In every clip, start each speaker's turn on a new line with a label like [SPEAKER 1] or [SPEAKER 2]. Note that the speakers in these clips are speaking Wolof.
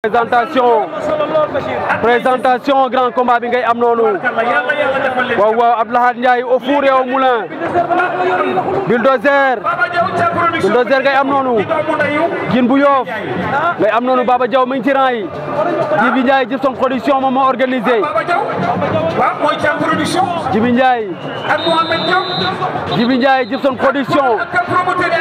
[SPEAKER 1] présentation présentation grand combat bi ngay am noonu waaw waaw Abdoulaye Ndiaye au four et au moulin bulldozer am noonu gin bu yoof ngay am noonu Baba Diaw mi ngi ci rang yi Jibi production moom organisé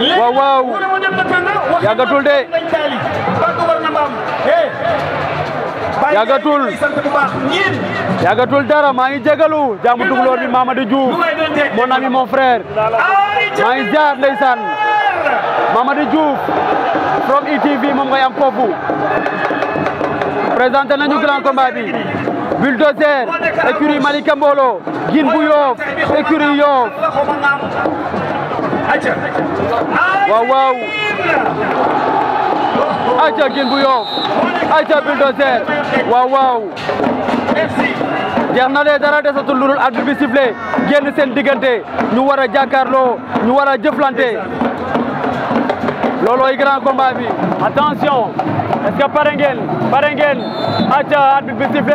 [SPEAKER 1] waaw waaw yàggatul de yàggatul yàggatul dara maa ngi jégalu jaamu tukulóor bi Mamadou Diouf mon ami mon frère maa ngi jaar ndeysaan Mamadou Diouf from ITV e moom ngay am foofu présenté nañu grand combat bi bulldozer écurie Malika Mbolo gin bu Yoff écurie Yoff waaw waaw aca gin bu yoof aca bulldozer waaw waaw jeex na de dara desatul lu dul arbitre bi sifflé génn seen diggante ñu ñu grand combat bi attention est-ce que pare ngeen Acha ngeen arbitre bi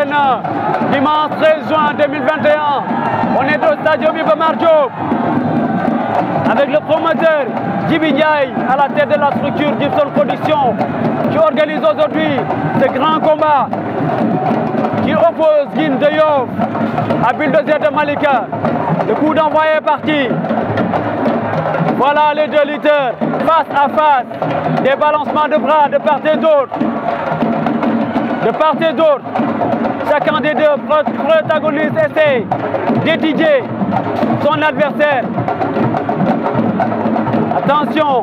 [SPEAKER 1] dimanche 13 juin 2021 on est au stade Iba Mar avec le promoteur Jimmy à la tête de la structure Gibson Production qui organise aujourd'hui ce grand combat qui oppose Guine de à Bulldozer de Malika. Le coup d'envoi est parti. Voilà les deux leaders face à face. Des balancements de bras de part et d'autre. De part et d'autre. Chacun des deux protagonistes essaie d'étudier son adversaire. Attention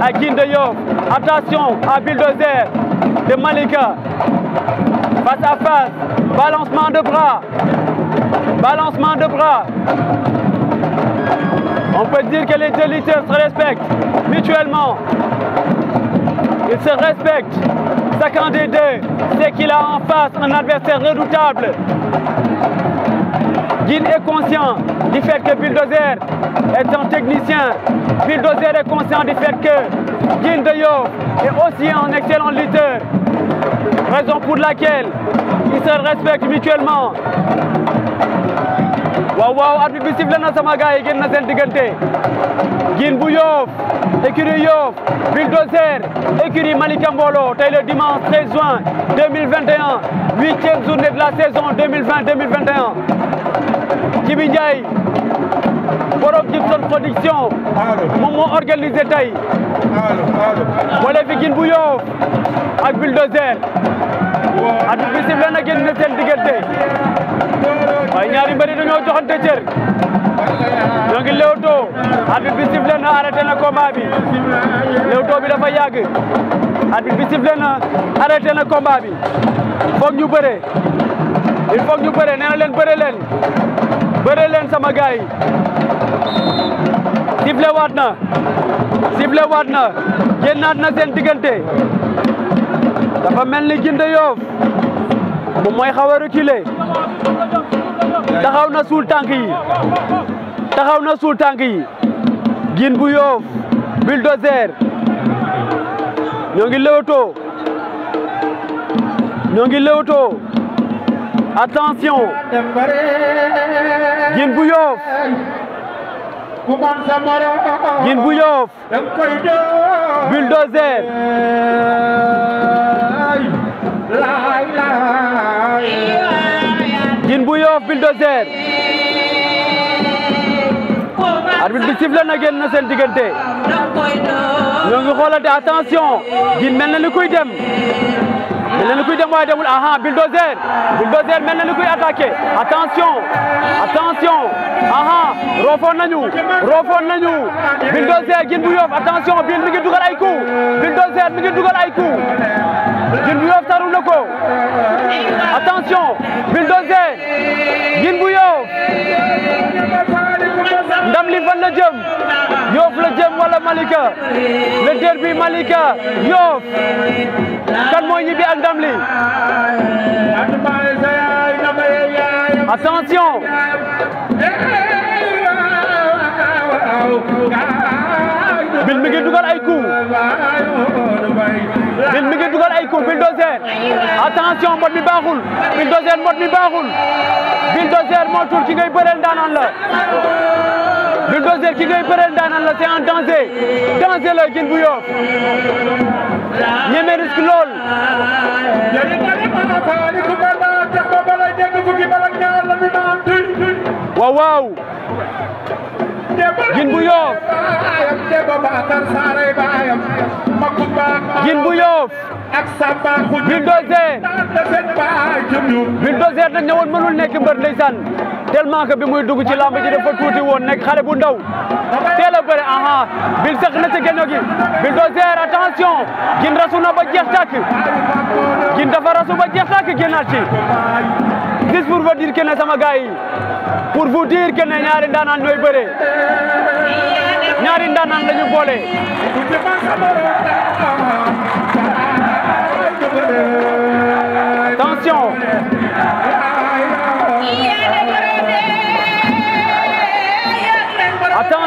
[SPEAKER 1] à york Attention à Bulldozer de Malika. Face à face. Balancement de bras. Balancement de bras. On peut dire que les deux se respectent mutuellement. Ils se respectent. Chacun des deux sait qu'il a en face un adversaire redoutable. Guine est conscient du fait que Bulldozer est un technicien. Bulldozer est conscient du fait que Guine de Yo est aussi un excellent lutteur. Raison pour laquelle ils se respectent mutuellement. waaw waaw arbitre bi na sama gars yi génn na seen diggante Guine bu Yoff écurie Yoff Bulldozer écurie Malika Mbolo tey le dimanche 13 juin 2021 de la saison 2020 2021 Jibi Ndiaye borom Gibson tey wala fi bu Yoff ak Bulldozer arbitre bi sifflé na génn na seen diggante waaye ñaari i dañoo joxante cër ñoo ngi lewtoo arbitre bi sifflé na arrêté na combat bi lewtoo bi dafa yàgg arbitre bi sifflé na arrêté na combat bi foog ñu bëre il faut ñu bëre nee na leen bëre leen leen sama gaay yi sifflé waat na sifflé waat na génnaat na seen diggante dafa mel ni Guinguinéo moom mooy xaw a reculer taxaw na suul tànk yi taxaw na suul tànk yi gin bu yoof bulldozer ñoo ngi lewtoo ñoo ngi lewtoo attention gin bu yoof gin bu yoof bulldozer Yoff Bulldozer arbitre bi sifflé na génn na seen diggante ñoo ngi xoolante attention ji mel na ni dem mel dem waaye demul aha Bulldozer na ni roofoon nañu roofoon nañu Bulldozer Guine bu Yoff attention bil mi ngi dugal ay coup Bulldozer mi ngi dugal ay coup Guine bu Yoff taru na ko attention Bulldozer jëm Yoff la jëm wala Malika le derby Malika Yoff kan mooy ñibbi ak ndam li attention Bil mi ngi dugal ay coup Bil mi ngi dugal ay coup Bulldozer attention mbot mi baaxul Bulldozer mbot mi baaxul Bulldozer moo tur ki ngay bëreel daanoon la Bulldozer ki ngay bëreel daanaan la c'est un danger danger la Guine bu Yoff ñeme risque lool waaw waaw Guine bu Yoff Guine bu Yoff Bulldozer Bulldozer nag ñëwoon mënul nekk mbër ndeysaan tellement que bi muy dugg ci lamb ji dafa tuuti woon nekk xale bu ndaw teel a bëre aha bil sëq na ci génno gi Bulldozer attention gin rasu na ba jeex tàkk gin dafa rasu ba jeex tàkk génnaat ci dis pour vous dire que ne sama gars yi pour vous dire que ne ñaari ndaanaan ñooy bëre ñaari ndaanaan la ñu boole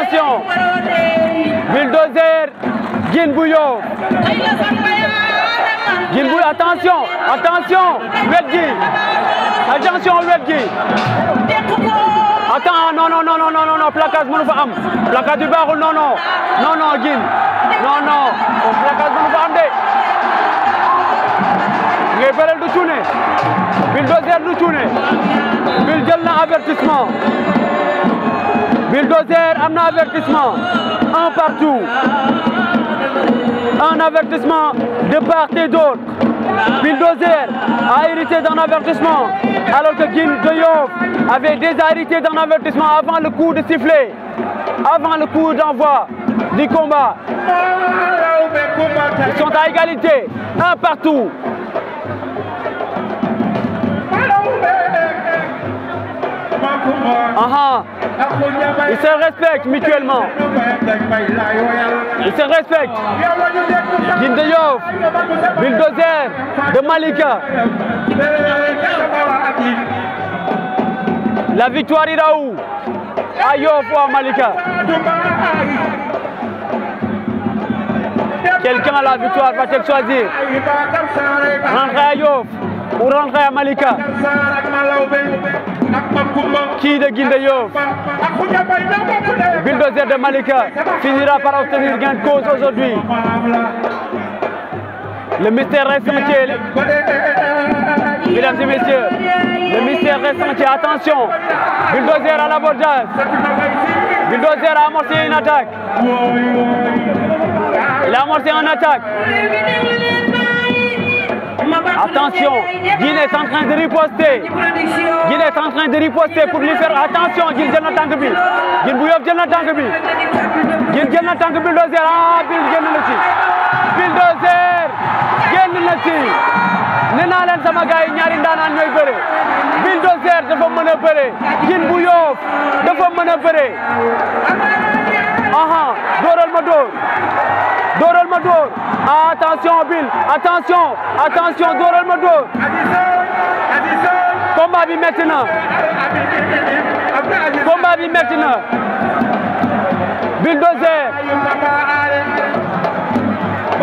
[SPEAKER 1] Attention Bulldozer attention, attention Attention Attention Webgi, Attends, non, non, non, non, non, non, non, placage, Placage du barreau, non, non. Non, non, Non, non. Placage, mon femme. attention, attention attention avertissement. Bulldozer a un avertissement un partout un avertissement de part et d'autre Bulldozer a hérité d'un avertissement alors que Kim Deyov avait déjà d'un avertissement avant le coup de sifflet avant le coup d'envoi du combat ils sont à égalité un partout Aha. Ils se respectent mutuellement. Ils se respectent. Jim de de Malika. La victoire ira où À ou Malika Quelqu'un a la victoire va t choisir Rentrer à ou rentrer à Malika qui de Guildeyo, bulldozer de Malika, finira par obtenir gain de cause aujourd'hui. Le mystère reste entier. Mesdames et messieurs, le mystère reste entier. Attention, bulldozer à l'abordage. Bulldozer a amorcé une attaque. Il a amorcé une attaque. Attention, Guinée est en train de riposter. Guinée est en train de riposter pour lui faire attention. jël na tànk bi. Guinée bu yóbbu jël na tànk bi. Guinée jël na tànk bi Bulldozer ah Guinée génn na ci. Bulldozer génn na ci. nee naa leen sama gars yi ñaari ndaanaan ñooy bëre. Bulldozer dafa mën a bëre. bu yóbbu dafa mën a bëre. aha ma dóor. Dorel Mado. Attention, Bill. Attention, attention, Dorel Mado. Combat vie maintenant. Combat vie maintenant. Bulldozer.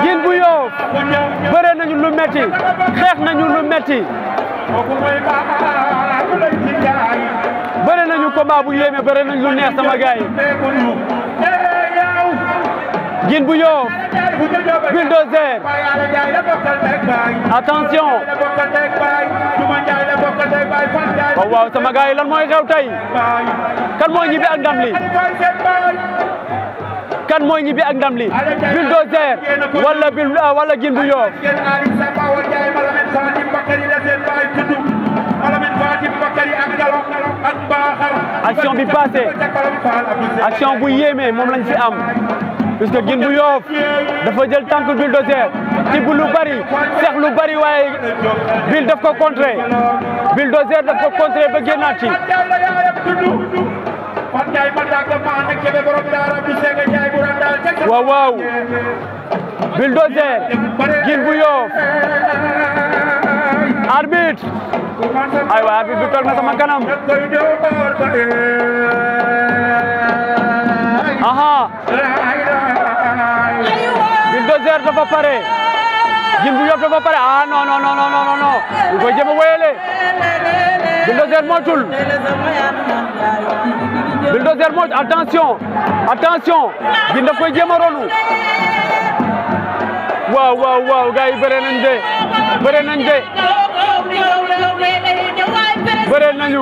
[SPEAKER 1] Gil Bouyo. Vous nous le mettre. nous le mettre. Vous nous combat, vous voulez, mais vous nous le mettre. Guine Bouillon, bulldozer. Attention. Oh, waaw waaw sama m'a yi lan mooy xew tey Quand mooy ñibbi ak ndam li Quand mooy ñibbi ak ndam li bulldozer Voilà, voilà ah, wala Guine Bouillon. action bi passé action bu yéeme moom lañ fi am. puisque gin bu yoof dafa jël tank Bulle Dossier bu lu bari seex lu bari waye Bulle daf ko contrer Bulle Dossier daf ko contrer ba génnaat ci waaw waaw Bulle Dossier gin arbitre aywa arbitre bi toog na sama kanam aha Bulldozer dafa pare pare ah non non non non non ñu koy jéem a wéyale Bulldozer moytul Bulldozer moytul attention a ronu yi bëre nañ de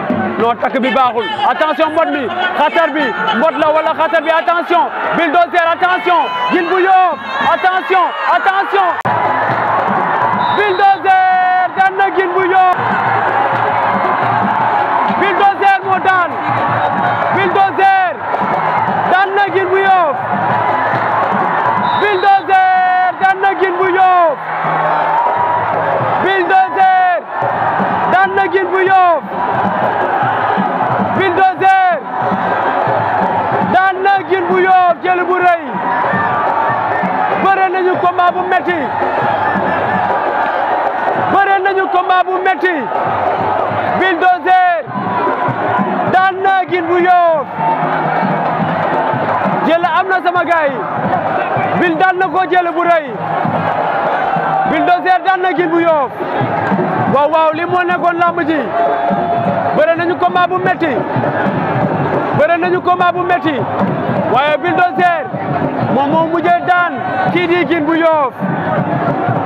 [SPEAKER 1] bi baaxul attention mbot bi xatar bi la wala bi attention bulldozer attention Guine attention attention bulldozer dan na Guine bu Yoff bulldozer combat bu metti bëre nañu combat bu metti Bulldozer daan na gin bu yoof jël am na sama gaay bil daan na ko jël bu rëy Bulldozer daan na gin bu yoof waaw waaw li moo nekkoon làmb ji bëre nañu combat bu metti bëre nañu combat bu metti waaye Bulldozer moom moo mujjee daan kii di Gine bu Yoff